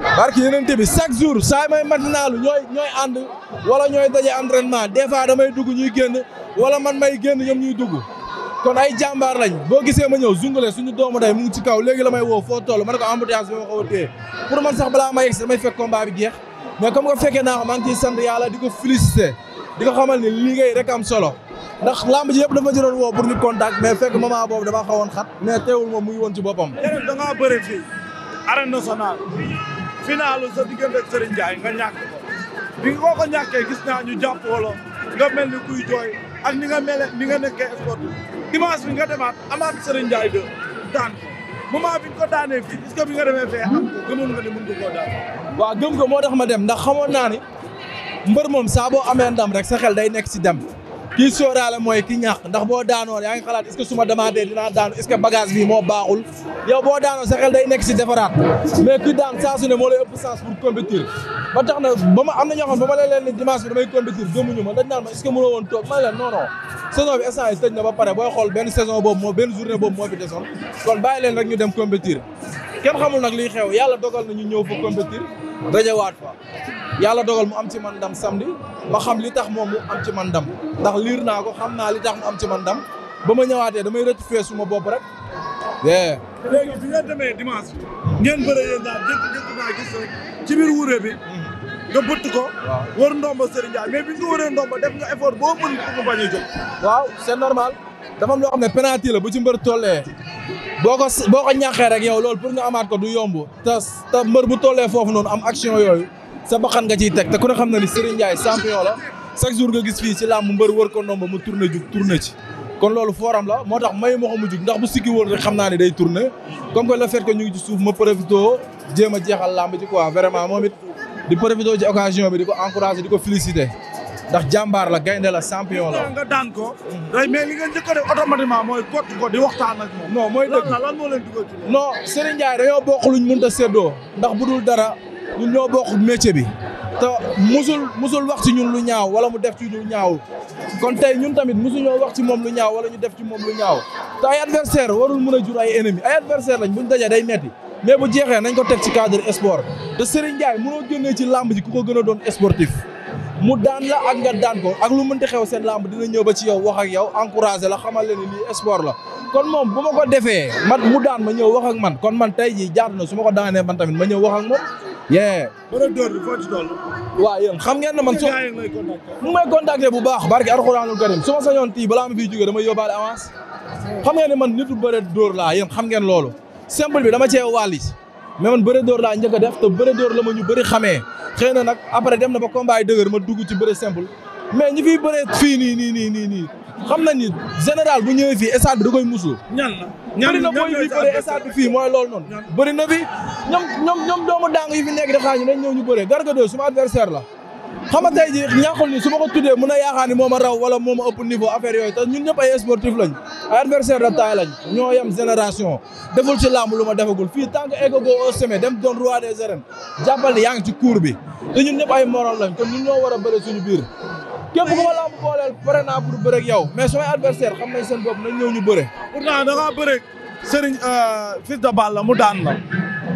barki yenente bi chaque jour saa may matinaalu ñooy ñooy ànd wala ñooy daje entraînement des fois damay dugg ñu génn wala man may génn ñoom ñuy dugg kon ay jàmbaar lañ boo gisee ma ñëw zungale suñu doomu day mu ci kaw léegi la may woo foo toll ma ne ko embouteillage bi ma ko téye pour man sax balaa ma yegg si damay fekk combat bi jeex mais comme que fekkee ko maa ngi ciy sant yàlla di ko félicité di ko ni liggéey rek am solo ndax lamb ji yëpp dafa jëloon woo pour ñu contact mais fekk moment boobu dama xawoon xat mais teewul moom mu ngi woon ci boppam. jërëjëf da ngaa bëri fii arène nationale finaalu sa diggante ak Serigne Ndiaye nga ñàkk ko bi nga ko ko ñàkkee gis naa ñu jàpp wolo nga mel ni kuy jooy ak ni nga mele ni nga nekkee sport dimanche bi nga demaat amaat Serigne Ndiaye de daan ko moment bi ko daanee fii est-ce bi nga demee fee am ko gëmoon nga ne mën nga koo daan waaw gëm moo tax ma dem ndax xamoon naa ni mbër moom saa boo amee ndam rek sa day nekk si dem kii sóoraale mooy ki ñàkk ndax boo daanoo yaa ngi xalaat est-ce que su ma demandé dinaa daanu est-ce que bagage bi moo baaxul yow boo daanoo sa xel day nekk si defaraat mais ki daan saa su ne moo lay ëpp chance pour compétir ba na ba ma am na ñoo xam ne ni dimanche bi damay compétir gëmuñu ma dañ naan ma est-ce toog ma leen non non bi instant yi tëj na ba pare booy xool benn boobu moo benn journée boobu moo fi desoon kon bàyyi leen rek yàlla dogal na ñu ñëw fa compétir waat fa yàlla dogal mu am ci man ndam samedi ma xam li tax moom mu am ci man ndam ndax liir naa ko xam naa li tax mu am ci man ndam ba ma ñëwaatee damay rëcc fee suma bopp rek. léegi bi ngeen demee dimanche ngeen bëre yéen daal jékki-jékki naa gis rek ci biir wuure bi. nga bëtt ko. waaw war ba Serigne Ndiaye mais bi nga waree ndomba def nga effort boo mën ko bañ a waaw c'est normal. dafa am loo xam ne penalty bu ci mbër tollee boo ko boo ko ñàkkee rek yow loolu pour nga amaat ko du yomb te te mbër bu tollee foofu noonu am action yooyu sa baxan nga ciy teg te ku ne xam na ni Serigne Ndiaye champion la chaque jour nga gis fii ci làmb mbër wër ko nomba mu tourné jug tourné ci kon loolu fooram la moo tax may ma ko mu jug ndax mu sikki woon rek xam naa ne day tourné comme que le fait que ñu ngi ci suuf ma profité jéem a jeexal lamb ci quoi vraiment moom it di profité ci occasion bi di ko encouragé di ko félicité ndax jàmbaar la gaynde la champion la. nga daan ko. day mais li nga njëkk a def automatiquement mooy kott ko di waxtaan ak moom. non mooy dëgg lan lan moo leen dugal ci non Serigne Ndiaye dañoo bokk luñ mënut a ndax bu dul dara ñun ñoo bokk métier bi. te musul musul wax ci ñun lu ñaaw wala mu def ci ñu ñaaw kon tey ñun tamit musuñoo wax ci moom lu ñaaw wala ñu def ci moom lu ñaaw te ay adversaire warul mën a jur ay ennemi ay adversaire lañ buñ dajee day metti mais bu jeexee nañ ko teg ci cadre sport te Serigne Ndiaye génnee ci làmb ci ku ko gën a doon sportif mu daan la ak nga daan ko ak lu mënti xew seen làmb dina ñëw ba ci yow wax ak yow encouragé la xamal leen ni lii la. kon moom bu ma ko defee mat mu daan ma ñëw wax ak man kon man tey jii jaar na su ma ko daanee man tamit ma ñëw wax ak moom. yee. mën a door bi foo ci yéen xam ngeen ne man. su mu may contacter bu baax. barke alxuraanul karim su ma sañoon tii balaa ma fiy jógee dama yóbbaale avance. xam ngeen ne man nitu bëre dóor laa yéen xam ngeen loolu simple bi dama cee wàlli mais man bëre dóor laa njëkk def te bëre la ma ñu bëri xamee xëy na nag après dem na ba combat yi dëgër ma dugg ci bëre simple mais ñi fiy bëree fii nii nii nii nii xam nañ ni général bu ñëwee fii stade bi da koy musu. ñan la ñan ñan ñooy fi bëri fii mooy loolu noonu. bëri na fi ñoom ñoom ñoom doomu daang yi fi nekk di xaar ñu dañ ñëw ñu bëree Garga 2 suma adversaire la. xam nga tey ji ñàkkul ni su ma ko tuddee mën a yaakaar ni moo ma raw wala moom ma ëpp niveau affaire yooyu te ñun ñëpp ay sportif lañ ay adversaire de lañ ñoo yem génération deful ci lu ma defagul fii tant que egg goo au dem doon roi des arènes jàppal yaa ngi ci cour bi te ñun ñëpp ay morom lañ kon ñun ñoo war a bëre suñu biir képp ku ma làmb booleel pare naa pour bëre ak yow mais samay adversaire xam nañ seen bopp nañ ñëw ñu bëre pourtant da ngaa bëre Serigne euh, fils de mu daan la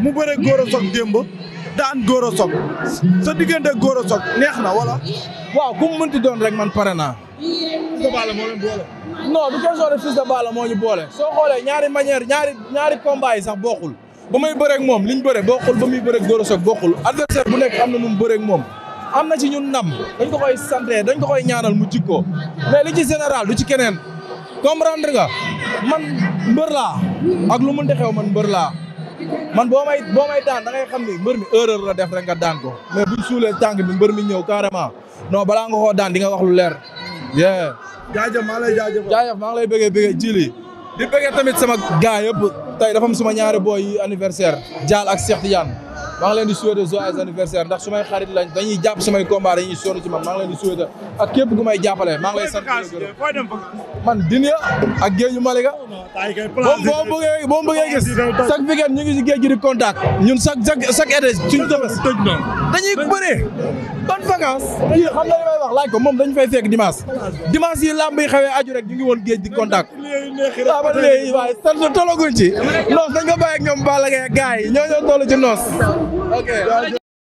mu bëre góor a soog démb daan Gora Sock sa diggante Gora Sock neex na wala. waaw ku mu mënti doon rek man pare naa. Fils de Balla moo leen boole. non du question de Fils de Balla moo ñu boole soo xoolee ñaari manière ñaari ñaari combat yi sax bokkul ba muy bëreeg moom liñ bëre bokkul ba muy bëreeg Gora Sock bokkul adversaire bu nekk am na nu mu moom. am na ci ñun ndam dañ ko koy santee dañ ko koy ñaanal mu jikkoo mais li ci général du ci keneen comprendre nga man mbër laa ak lu mun di xew man mbër laa. man boo may boo may daan da ngay xam ni mbër mi erreur la def rek nga daan ko mais buñ suulee tànk bi mbër mi ñëw carrément no balaa nga daan di nga wax lu leer. jaajëf maa ngi lay jaajëf jaajëf maa ngi lay bëggee bëggee jili di bëggee tamit sama gars yëpp tey dafa am suma ñaari booy yi anniversaire Dial ak Cheikh maa ngi leen di souhaiter joyeux anniversaire ndax sumay xarit lañ dañuy jàpp samay combat dañuy sonn ci man maa ngi leen di souhaiter ak képp ku may jàppale maa ngi lay sant man Dunya ak géeju Malika moom boo bëggee boo bëggee gis chaque weekend ñu ngi ci géej gi di contact ñun chaque chaque chaque été suñu tëbës dañuy bëree ban vacance yii xam nga li may wax laaj ko moom dañu fay fekk dimanche dimanche yi lamb yi xawee aju rek ñu ngi woon géej di contact waaw ah, ba léegi waaye sant tolaguñ ci noos dañ ko bàyyi ak ñoom Balla Gaye ak gars yi ñoo ñoo toll ci noos Okay.